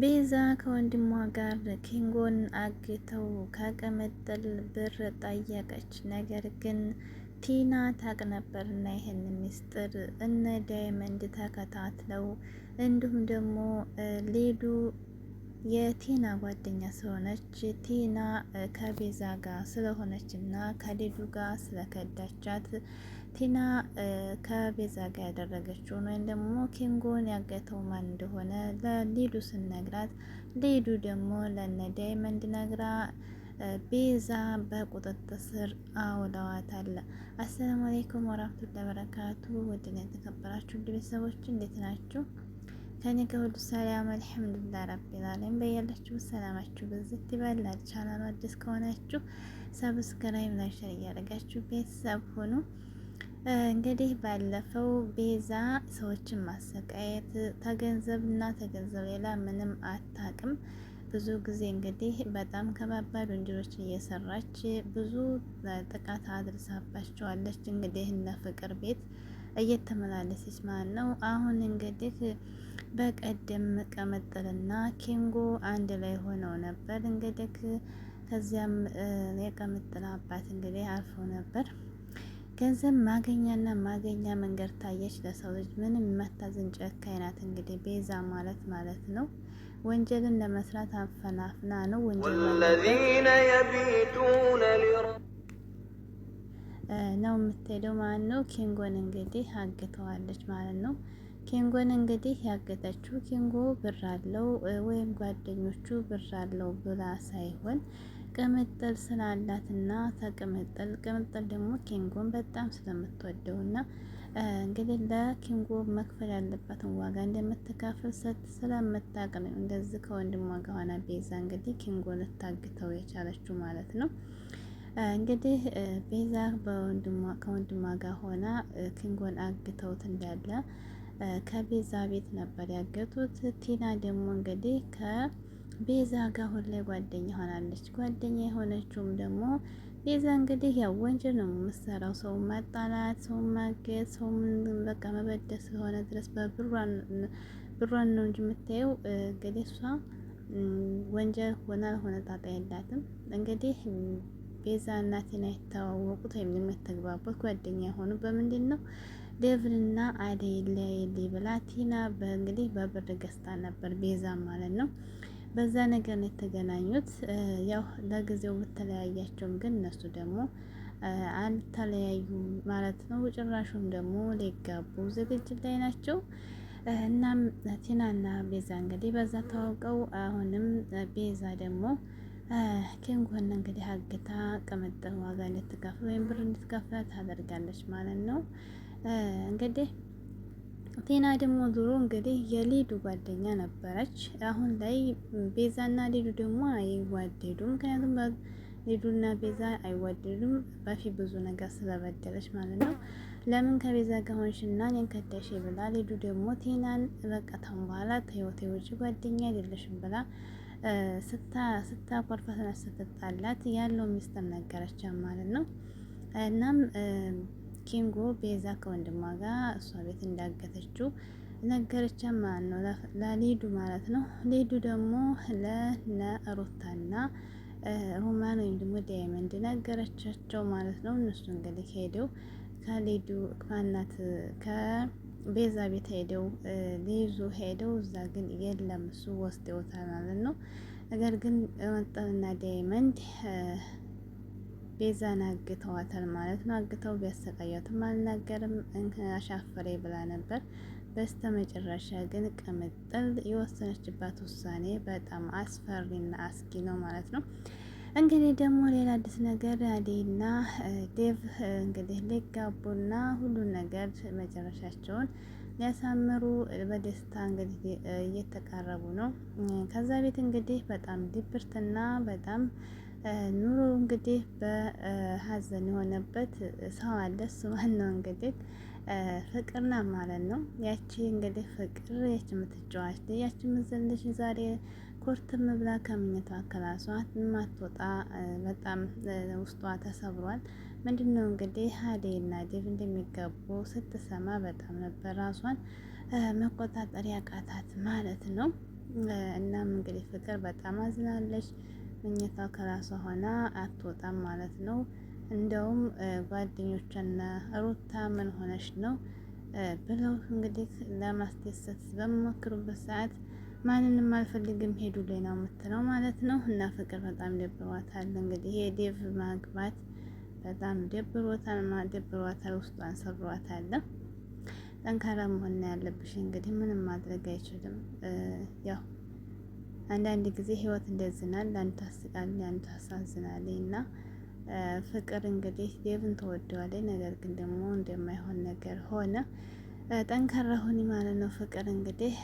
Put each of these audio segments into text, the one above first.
ቤዛ ከወንድሟ ጋር ኪንጎን አግተው ከቀመጠል ብር ጠየቀች። ነገር ግን ቲና ታቅ ነበር እና ይህን ሚስጥር እነ ዳይመንድ ተከታትለው እንዲሁም ደግሞ ሌዱ የቲና ጓደኛ ስለሆነች ቲና ከቤዛ ጋር ስለሆነች እና ከሌዱ ጋር ስለከዳቻት ቲና ከቤዛ ጋር ያደረገችውን ወይም ደግሞ ኪንጎን ያገተው ማን እንደሆነ ለሊዱ ስነግራት፣ ሊዱ ደግሞ ለነ ዳይመንድ ነግራ ቤዛ በቁጥጥር ስር አውለዋታል። አሰላሙ አሌይኩም ወራህመቱላሂ ወበረካቱ። ውድና የተከበራችሁ ውድ ቤተሰቦች እንዴት ናችሁ? ከኔ ከሁሉ ሰላም አልሐምዱሊላህ ረቢል ዓለሚን። በያላችሁ ሰላማችሁ በዚህ ይበላል። ቻናሉ አዲስ ከሆናችሁ ሰብስክራይብ፣ ላይክ፣ ሼር እያደረጋችሁ ቤተሰብ ሁኑ። እንግዲህ ባለፈው ቤዛ ሰዎችን ማሰቃየት ተገንዘብ እና ተገንዘብ ሌላ ምንም አታቅም። ብዙ ጊዜ እንግዲህ በጣም ከባባድ ወንጀሎች እየሰራች ብዙ ጥቃት አድርሳባቸዋለች። እንግዲህ እነ ፍቅር ቤት እየተመላለሰች ማለት ነው። አሁን እንግዲህ በቀደም ቀመጥልና ኬንጎ አንድ ላይ ሆነው ነበር። እንግዲህ ከዚያም የቀመጥል አባት እንግዲህ አርፎ ነበር ገንዘብ ማገኛና ማገኛ መንገድ ታየች። ለሰው ልጅ ምንም የማታዝን ጨካኝ ናት። እንግዲህ ቤዛ ማለት ማለት ነው። ወንጀልን ለመስራት አፈናፍና ነው ወንጀል ነው የምትሄደው ማለት ነው። ኪንጎን እንግዲህ አግተዋለች ማለት ነው። ኪንጎን እንግዲህ ያገተችው ኪንጎ ብር አለው ወይም ጓደኞቹ ብር አለው ብላ ሳይሆን ቅምጥል ስላላትና ተቅምጥል ቅምጥል ደግሞ ኪንጎን በጣም ስለምትወደው እና እንግዲህ ለኪንጎ መክፈል ያለባትን ዋጋ እንደምትካፍል ሰት ስለምታቅ ነው እንደዚህ ከወንድሟ ጋር ሆና ቤዛ እንግዲህ ኪንጎ ልታግተው የቻለችው ማለት ነው። እንግዲህ ቤዛ ከወንድሟ ጋር ሆና ኪንጎን አግተውት እንዳለ ከቤዛ ቤት ነበር ያገቱት። ቲና ደግሞ እንግዲህ ከ ቤዛ ጋር ላይ ጓደኛ ሆናለች። ጓደኛ የሆነችውም ደግሞ ቤዛ እንግዲህ ያው ወንጀል ነው የምትሰራው፣ ሰው ማጣላት፣ ሰው ማገዝ፣ ሰው በቃ መበደስ ስለሆነ ድረስ በብሯን ነው እንጂ የምታየው እንግዲህ እሷ ወንጀል ሆነ አልሆነ ጣጣ የላትም። እንግዲህ ቤዛ እና ቲና የተዋወቁት ወይም የሚተግባቡት ጓደኛ የሆኑ በምንድን ነው? ዴቭንና አደይ ለይልይ ብላ ቲና በእንግዲህ በብር ገዝታ ነበር ቤዛ ማለት ነው በዛ ነገር ነው የተገናኙት። ያው ለጊዜው ብትለያያቸውም ግን እነሱ ደግሞ አልተለያዩ ማለት ነው። ጭራሹም ደግሞ ሊጋቡ ዝግጅት ላይ ናቸው። እናም ቲናና ቤዛ እንግዲህ በዛ ታወቀው። አሁንም ቤዛ ደግሞ ኬንጎን እንግዲህ አግታ ቅምጥል ዋጋ እንድትከፍል ወይም ብር እንድትከፍል ታደርጋለች ማለት ነው እንግዲህ ቴና ደግሞ ዞሮ እንግዲህ የሊዱ ጓደኛ ነበረች። አሁን ላይ ቤዛና ሊዱ ደግሞ አይዋደዱ። ምክንያቱም ሊዱና ቤዛ አይዋደዱም። ባፊ ብዙ ነገር ስለበደለች ማለት ነው። ለምን ከቤዛ ጋር ሆንሽና እኔን ከተሽ ብላ ሊዱ ደግሞ ቴናን በቀተም በኋላ ተህይወቴ ውጭ ጓደኛ አይደለሽም ብላ ስታ ስታ ኮርፋ ስትጣላት ያለው ሚስጥር ነገረቻት ማለት ነው እናም ኪንጎ ቤዛ ከወንድሟ ጋር እሷ ቤት እንዳገተችው ነገረች ማለት ነው፣ ለሊዱ ማለት ነው። ሊዱ ደግሞ ለነሩታና ሮማን ወይም ደግሞ ዳይመንድ ነገረቻቸው ማለት ነው። እነሱ እንግዲህ ሄደው ከሊዱ ከናት ከቤዛ ቤት ሄደው ሊይዙ ሄደው እዛ ግን የለም እሱ ወስደውታል ማለት ነው። ነገር ግን መጣና ዳይመንድ ቤዛን አግተዋታል ማለት ነው። አግተው ቢያሰቃያትም አልናገርም አሻፈሬ ብላ ነበር። በስተ መጨረሻ ግን ቅምጥል የወሰነችባት ውሳኔ በጣም አስፈሪና አስጊ ነው ማለት ነው። እንግዲህ ደግሞ ሌላ አዲስ ነገር አዴና ዴቭ እንግዲህ ሊጋቡና ሁሉን ነገር መጨረሻቸውን ሊያሳምሩ በደስታ እንግዲህ እየተቃረቡ ነው። ከዛ ቤት እንግዲህ በጣም ድብርትና በጣም ኑሮ እንግዲህ በሀዘን የሆነበት ሰው አለ። እሱ ነው እንግዲህ ፍቅርና ማለት ነው። ያቺ እንግዲህ ፍቅር ያቺ የምትጫዋች ያቺ ምዝልሽ ዛሬ ኮርት ምብላ ከምኝታ ከላሷ ማትወጣ በጣም ውስጧ ተሰብሯል። ምንድን ነው እንግዲህ ሀዴ ሀዴና ዴቭ እንደሚገቡ ስትሰማ በጣም ነበር ራሷን መቆጣጠር ያቃታት ማለት ነው። እናም እንግዲህ ፍቅር በጣም አዝናለች። መኝታ ከራሷ ሆና አትወጣም ማለት ነው። እንደውም ጓደኞቿና ሩታ ምን ሆነች ነው ብለው እንግዲህ ለማስደሰት በሚሞክሩበት ሰዓት ማንንም አልፈልግም ሄዱ ላይ ነው የምትለው ማለት ነው። እና ፍቅር በጣም ደብሯታል። እንግዲህ የዴቭ ማግባት በጣም ደብሮታል፣ ደብሯታል፣ ውስጧን ሰብሯታል። ጠንካራ መሆን ያለብሽ እንግዲህ ምንም ማድረግ አይችልም ያው አንዳንድ ጊዜ ህይወት እንደዝናል ለአንድ ታስቃል ለአንድ ታሳዝናል። እና ፍቅር እንግዲህ ዴቭን ትወደዋለች፣ ነገር ግን ደግሞ እንደማይሆን ነገር ሆነ። ጠንካራ ሁኒ ማለት ነው። ፍቅር እንግዲህ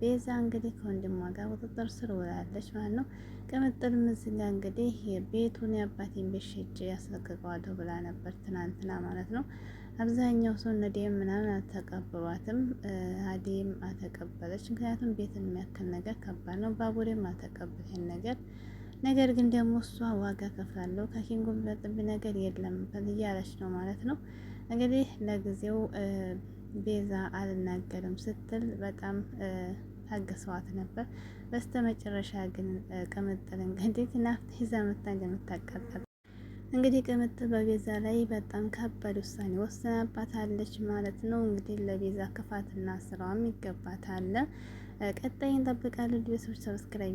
ቤዛ እንግዲህ ከወንድሟ ጋር ቁጥጥር ስር ውላለች ማለት ነው። ቅምጥል ምዝጋ እንግዲህ ቤቱን የአባቴን ቤት ሸጬ ያስለቅቀዋለሁ ብላ ነበር ትናንትና ማለት ነው። አብዛኛው ሰው እነ ዲኤም ምናምን አልተቀበሏትም። አዴም አልተቀበለች። ምክንያቱም ቤትን የሚያክል ነገር ከባድ ነው። ባቡሬም አልተቀበል ይሄን ነገር ነገር ግን ደግሞ እሷ ዋጋ ከፍላለሁ ከኪንጎ የሚበልጥብ ነገር የለም እያለች ነው ማለት ነው። እንግዲህ ለጊዜው ቤዛ አልናገርም ስትል በጣም ታገሰዋት ነበር። በስተ መጨረሻ ግን ቅምጥል እንግዲህ ናፍታ ይዛ መታ እንደምታቃጠል እንግዲህ ቅምጥ በቤዛ ላይ በጣም ከባድ ውሳኔ ወስናባታለች ማለት ነው። እንግዲህ ለቤዛ ክፋትና ስራዋም ይገባታል። ቀጣይ እንጠብቃለን። ቤተሰቦች ሰብስክራይብ